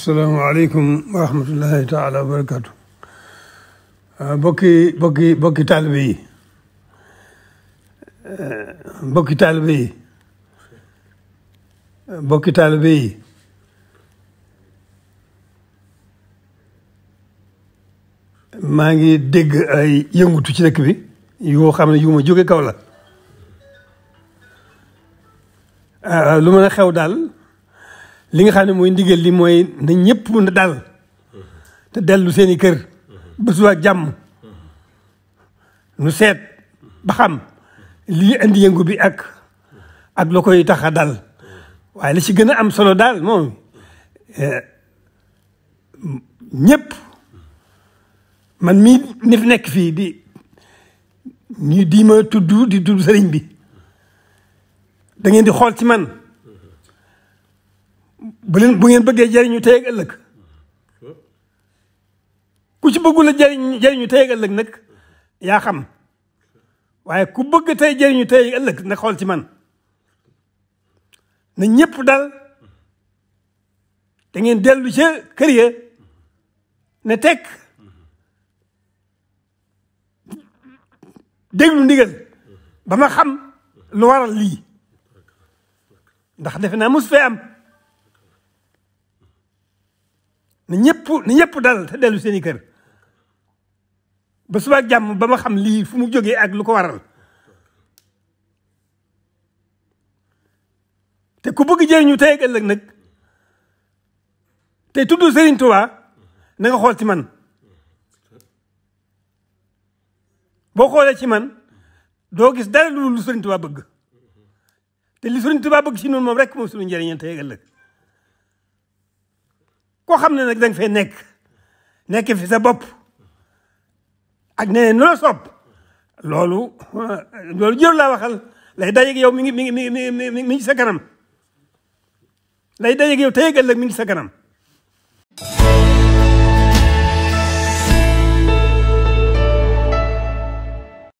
asalaamualeykum wa rahmatullahi taala wa barakatu ah, bokki bokki bokki taalibe eh, bokki taalibe eh, bokki taalibe maa ngi dégg ay yëngutu ci dëkk bi yoo xam ne yu kaw la ah, lu mën a xew daal li nga xam ne mooy ndigal li mooy na ñëpp na dal te dellu seeni kër ba suba jàmm nu seet baxam xam lii indi yëngu bi ak ak la tax a dal waaye li ci gën a am solo daal moom eh, ñépp man mii nekk fii di ñu di ma tudd di tudd sëriñ bi dangeen di xool ci man bu leen bu ngeen bëggee jariñu tey ak ëllëg ku ci bëggul jariñ jariñu tey ak ëllëg nag yaa xam waaye ku bëgg tey jariñu tey ak ëllëg na xool ci man na ñépp dal da ngeen dellu ca kër ya ne tek déglu ndigal ba xam lu waral lii ndax defe naa mos fee am na ñëpp na dal te dellu seen i kër ba suba jàmm ba ma xam lii fu mu jógee ak lu ko waral te ku bëgg jëriñu tey ak ëllëg nag te tudd Serigne Touba na xool ci man boo xoolee ci man doo gis dara lu Serigne Touba bëgg te li Serigne Touba bëgg ci noonu moom rek moom suñu njëriñal tey ak ëllëg koo xam ne nag danga fee nekk nekk fi sa bopp ak ne nu la loolu loolu jëru laa waxal lay dajeeg yow mi ngi mi ngi mi ngi mi ngi sa kanam lay dajeeg yow tey ëllëg mi ngi sa kanam